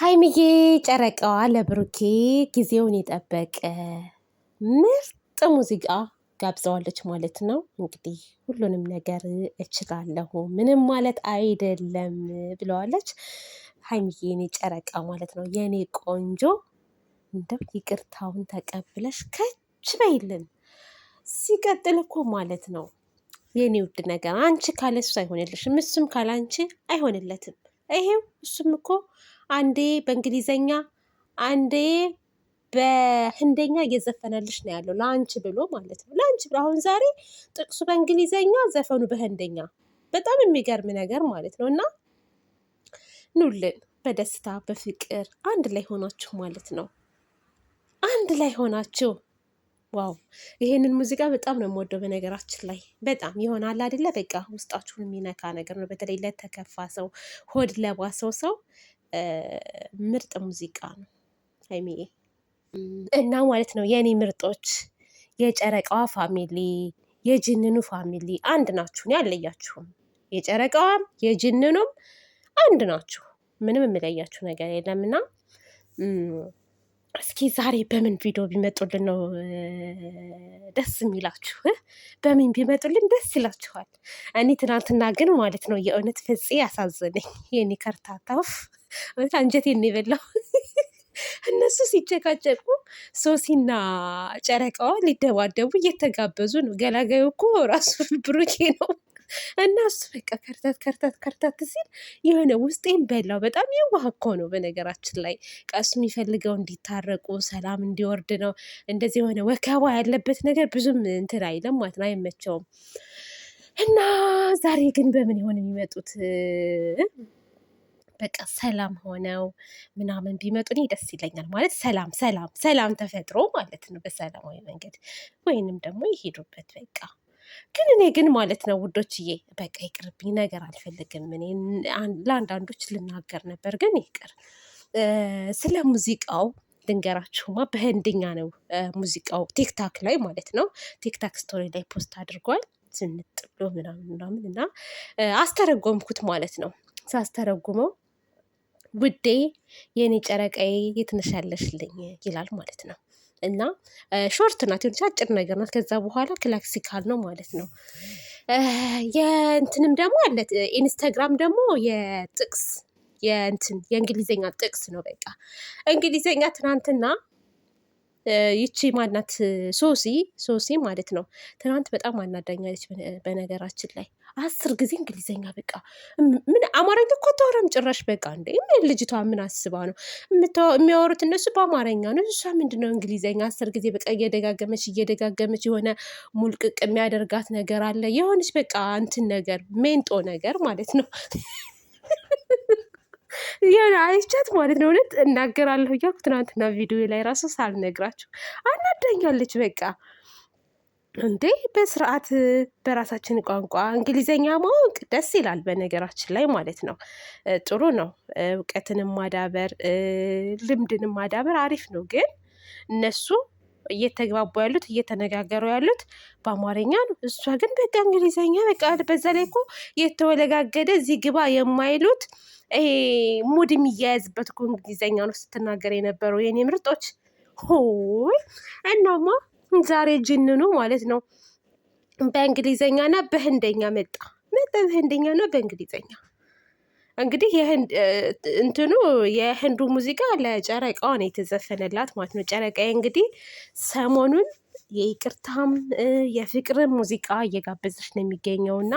ሀይሚዬ ጨረቃዋ ለብሩኬ ጊዜውን የጠበቀ ምርጥ ሙዚቃ ጋብዘዋለች ማለት ነው። እንግዲህ ሁሉንም ነገር እችላለሁ ምንም ማለት አይደለም ብለዋለች ሀይሚዬ የኔ ጨረቃ ማለት ነው። የኔ ቆንጆ እንደው ይቅርታውን ተቀብለሽ ከች በይልን። ሲቀጥል እኮ ማለት ነው የኔ ውድ ነገር አንቺ ካለሱ አይሆንልሽም፣ እሱም ካለ አንቺ አይሆንለትም። ይሄው እሱም እኮ አንዴ በእንግሊዘኛ አንዴ በህንደኛ እየዘፈነልሽ ነው ያለው ለአንቺ ብሎ ማለት ነው። ለአንቺ ብሎ አሁን ዛሬ ጥቅሱ በእንግሊዘኛ ዘፈኑ በህንደኛ በጣም የሚገርም ነገር ማለት ነው። እና ኑልን በደስታ በፍቅር አንድ ላይ ሆናችሁ ማለት ነው። አንድ ላይ ሆናችሁ ዋው! ይሄንን ሙዚቃ በጣም ነው የምወደው። በነገራችን ላይ በጣም ይሆናል አይደለ? በቃ ውስጣችሁን የሚነካ ነገር ነው። በተለይ ለተከፋ ሰው፣ ሆድ ለባሰው ሰው ምርጥ ሙዚቃ ነው ሀይሚዬ። እና ማለት ነው የእኔ ምርጦች የጨረቃዋ ፋሚሊ የጅንኑ ፋሚሊ አንድ ናችሁ፣ እኔ አልለያችሁም። የጨረቃዋም የጅንኑም አንድ ናችሁ። ምንም የምለያችሁ ነገር የለም። እና እስኪ ዛሬ በምን ቪዲዮ ቢመጡልን ነው ደስ የሚላችሁ? በምን ቢመጡልን ደስ ይላችኋል? እኔ ትናንትና ግን ማለት ነው የእውነት ፍጽ ያሳዘነኝ የኔ ከርታታፍ አንጀቴን የበላው እነሱ ሲጨቃጨቁ ሶሲና ጨረቃዋ ሊደባደቡ እየተጋበዙ ነው። ገላጋዩ እኮ ራሱ ብሩኬ ነው። እና እሱ በቃ ከርታት ከርታት ከርታት ሲል የሆነ ውስጤን በላው። በጣም የዋህ እኮ ነው በነገራችን ላይ ቀሱ የሚፈልገው እንዲታረቁ ሰላም እንዲወርድ ነው። እንደዚህ የሆነ ወከባ ያለበት ነገር ብዙም እንትን አይለም ማለት ነው፣ አይመቸውም። እና ዛሬ ግን በምን ይሆን የሚመጡት? በቃ ሰላም ሆነው ምናምን ቢመጡ እኔ ደስ ይለኛል። ማለት ሰላም ሰላም ሰላም ተፈጥሮ ማለት ነው በሰላማዊ መንገድ ወይንም ደግሞ ይሄዱበት በቃ ግን እኔ ግን ማለት ነው ውዶችዬ፣ በቃ ይቅርብኝ፣ ነገር አልፈልግም። እኔ ለአንዳንዶች ልናገር ነበር ግን ይቅር። ስለ ሙዚቃው ልንገራችሁማ፣ በህንድኛ ነው ሙዚቃው። ቲክታክ ላይ ማለት ነው ቲክታክ ስቶሪ ላይ ፖስት አድርጓል። ስንጥሎ ምናምን ምናምን እና አስተረጎምኩት ማለት ነው ሳስተረጉመው ውዴ የኔ ጨረቃዬ ያለሽልኝ ይላል ማለት ነው። እና ሾርት ናት ሆነች አጭር ነገር ናት። ከዛ በኋላ ክላክሲካል ነው ማለት ነው። የእንትንም ደግሞ አለ ኢንስታግራም ደግሞ የጥቅስ የእንትን የእንግሊዝኛ ጥቅስ ነው። በቃ እንግሊዝኛ ትናንትና ይቺ ማናት ሶሲ ሶሲ ማለት ነው። ትናንት በጣም አናዳኛለች። በነገራችን ላይ አስር ጊዜ እንግሊዘኛ በቃ ምን አማርኛ እኮ አታወራም ጭራሽ። በቃ እንደ ልጅቷ ምን አስባ ነው የሚያወሩት? እነሱ በአማርኛ ነው፣ እሷ ምንድነው እንግሊዘኛ አስር ጊዜ በቃ እየደጋገመች እየደጋገመች የሆነ ሙልቅቅ የሚያደርጋት ነገር አለ። የሆነች በቃ እንትን ነገር ሜንጦ ነገር ማለት ነው። የሆነ አይቻት ማለት ነው። እውነት እናገራለሁ እያልኩ ትናንትና ቪዲዮ ላይ ራሱ ሳልነግራችሁ አናዳኛለች። በቃ እንዴ በስርዓት በራሳችን ቋንቋ እንግሊዘኛ ማወቅ ደስ ይላል፣ በነገራችን ላይ ማለት ነው። ጥሩ ነው፣ እውቀትንም ማዳበር ልምድንም ማዳበር አሪፍ ነው። ግን እነሱ እየተግባቡ ያሉት እየተነጋገሩ ያሉት በአማርኛ ነው። እሷ ግን በቃ እንግሊዘኛ በቃ በዛ ላይ እኮ የተወለጋገደ እዚህ ግባ የማይሉት ይሄ ሙድ የሚያያዝበት እኮ እንግሊዘኛ ነው ስትናገር የነበረው የኔ ምርጦች። ሆይ እናማ ዛሬ ጅንኑ ማለት ነው በእንግሊዘኛና በህንደኛ መጣ መጣ በህንደኛና በእንግሊዘኛ እንግዲህ እንትኑ የህንዱ ሙዚቃ ለጨረቃዋ ነው የተዘፈነላት ማለት ነው። ጨረቃዬ እንግዲህ ሰሞኑን የይቅርታም የፍቅርም ሙዚቃ እየጋበዘች ነው የሚገኘው እና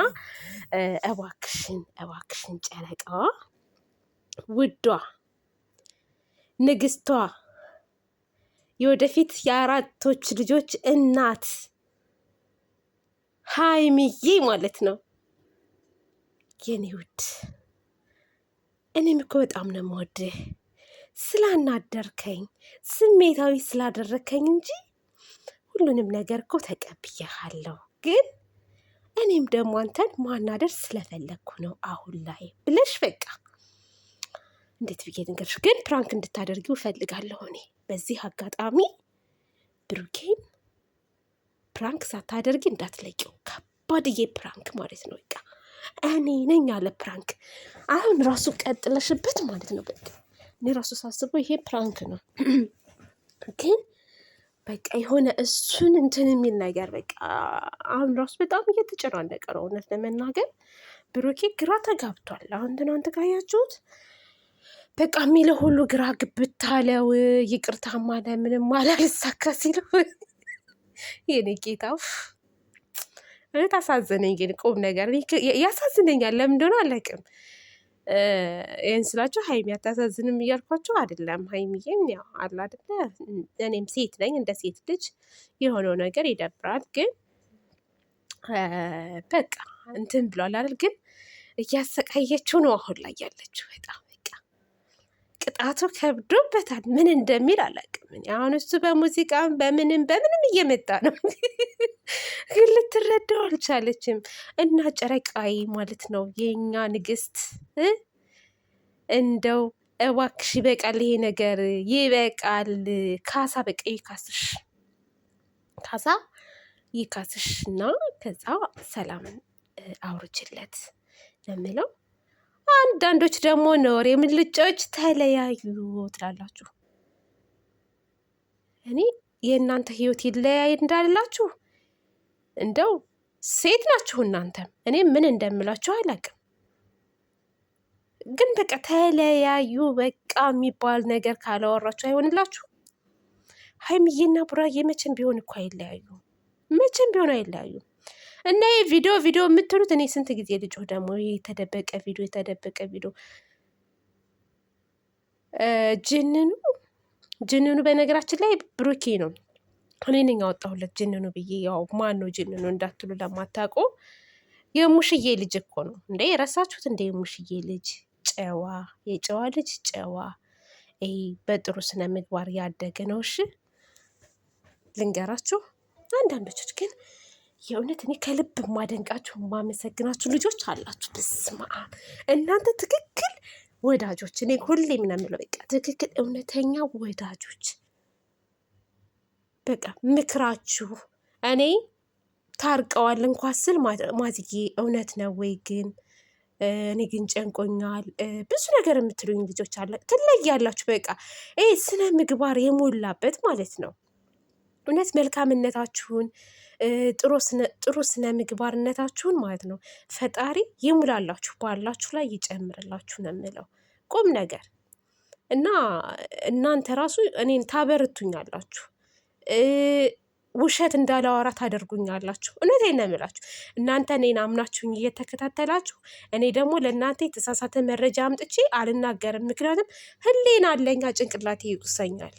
እባክሽን እባክሽን ጨረቃዋ ውዷ ንግስቷ የወደፊት የአራቶች ልጆች እናት ሀይሚዬ ማለት ነው። የኔ ውድ እኔም እኮ በጣም ነው የምወድህ። ስላናደርከኝ ስሜታዊ ስላደረከኝ እንጂ ሁሉንም ነገር እኮ ተቀብያሃለሁ። ግን እኔም ደግሞ አንተን ማናደር ስለፈለግኩ ነው አሁን ላይ ብለሽ በቃ እንዴት ብዬ ንገርሽ፣ ግን ፕራንክ እንድታደርጊው እፈልጋለሁ። እኔ በዚህ አጋጣሚ ብሩኬን ፕራንክ ሳታደርጊ እንዳትለቂው። ከባድዬ ፕራንክ ማለት ነው። በቃ እኔ ነኝ ያለ ፕራንክ። አሁን ራሱ ቀጥለሽበት ማለት ነው። በቃ እኔ ራሱ ሳስበው ይሄ ፕራንክ ነው፣ ግን በቃ የሆነ እሱን እንትን የሚል ነገር በቃ አሁን ራሱ በጣም እየተጨናነቀ ነው። እውነት ለመናገር ብሩኬ ግራ ተጋብቷል። አሁን ትናንት ካያችሁት በቃ የሚለው ሁሉ ግራ ግብት አለው። ይቅርታ ማለ ምንም አላልሳካ ሲለው የኔ ጌታ እውነት አሳዘነኝ። ግን ቁም ነገር ያሳዝነኛል። ለምን እንደሆነ አላውቅም። ይህን ስላቸው ሀይሚ አታሳዝንም እያልኳቸው አይደለም። ሀይሚዬም ያው አለ አይደለ፣ እኔም ሴት ነኝ። እንደ ሴት ልጅ የሆነው ነገር ይደብራል። ግን በቃ እንትን ብሏል አይደል? ግን እያሰቃየችው ነው አሁን ላይ ያለችው በጣም ቅጣቱ ከብዶበታል። ምን እንደሚል አላውቅም። አሁን እሱ በሙዚቃም በምንም በምንም እየመጣ ነው፣ ግን ልትረዳው አልቻለችም። እና ጨረቃይ ማለት ነው የኛ ንግስት፣ እንደው እባክሽ ይበቃል፣ ይሄ ነገር ይበቃል። ካሳ በቃ ይካስሽ፣ ካሳ ይካስሽ እና ከዛ ሰላምን አውርችለት ነው የምለው። አንዳንዶች ደግሞ ነውር የምልጮች ተለያዩ ትላላችሁ። እኔ የእናንተ ህይወት ይለያይ እንዳላችሁ እንደው ሴት ናችሁ እናንተም እኔ ምን እንደምላችሁ አላውቅም። ግን በቃ ተለያዩ በቃ የሚባል ነገር ካላወራችሁ አይሆንላችሁ። ሀይሚዬና ቡራዬ መቼም ቢሆን እኮ አይለያዩ፣ መቼም ቢሆን አይለያዩም እና ይህ ቪዲዮ ቪዲዮ የምትሉት እኔ ስንት ጊዜ ልጆ ደግሞ የተደበቀ ቪዲዮ የተደበቀ ቪዲዮ ጅንኑ ጅንኑ በነገራችን ላይ ብሩኬ ነው። እኔ ነኝ ያወጣሁለት ጅንኑ ብዬ። ያው ማን ነው ጅንኑ እንዳትሉ ለማታውቁ የሙሽዬ ልጅ እኮ ነው እንደ የረሳችሁት እንደ የሙሽዬ ልጅ ጨዋ፣ የጨዋ ልጅ ጨዋ፣ ይሄ በጥሩ ስነ ምግባር ያደገ ነው። እሺ ልንገራችሁ፣ አንዳንዶች ግን የእውነት እኔ ከልብ የማደንቃችሁ የማመሰግናችሁ ልጆች አላችሁ። በስመ አብ እናንተ ትክክል ወዳጆች። እኔ ሁሌ ምናምን በቃ ትክክል እውነተኛ ወዳጆች። በቃ ምክራችሁ እኔ ታርቀዋል እንኳ ስል ማዝጌ እውነት ነው ወይ ግን እኔ ግን ጨንቆኛል ብዙ ነገር የምትሉኝ ልጆች አለ ትለያላችሁ። በቃ ይሄ ስነ ምግባር የሞላበት ማለት ነው። እውነት መልካምነታችሁን ጥሩ ስነ ምግባርነታችሁን ማለት ነው ፈጣሪ ይሙላላችሁ፣ ባላችሁ ላይ ይጨምርላችሁ ነው የምለው ቁም ነገር እና እናንተ ራሱ እኔን ታበርቱኛላችሁ ውሸት እንዳላወራ ታደርጉኛላችሁ። እውነት ነው የምላችሁ። እናንተ እኔን አምናችሁኝ እየተከታተላችሁ፣ እኔ ደግሞ ለእናንተ የተሳሳተ መረጃ አምጥቼ አልናገርም። ምክንያቱም ህሌን አለኛ ጭንቅላቴ ይቁሰኛል።